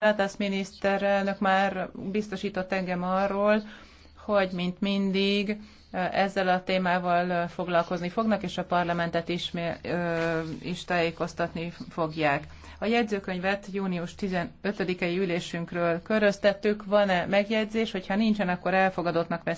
Látász miniszterelnök már biztosított engem arról, hogy mint mindig ezzel a témával foglalkozni fognak, és a parlamentet is, is tájékoztatni fogják. A jegyzőkönyvet június 15-i ülésünkről köröztettük. Van-e megjegyzés? Hogyha nincsen, akkor elfogadottnak vesz.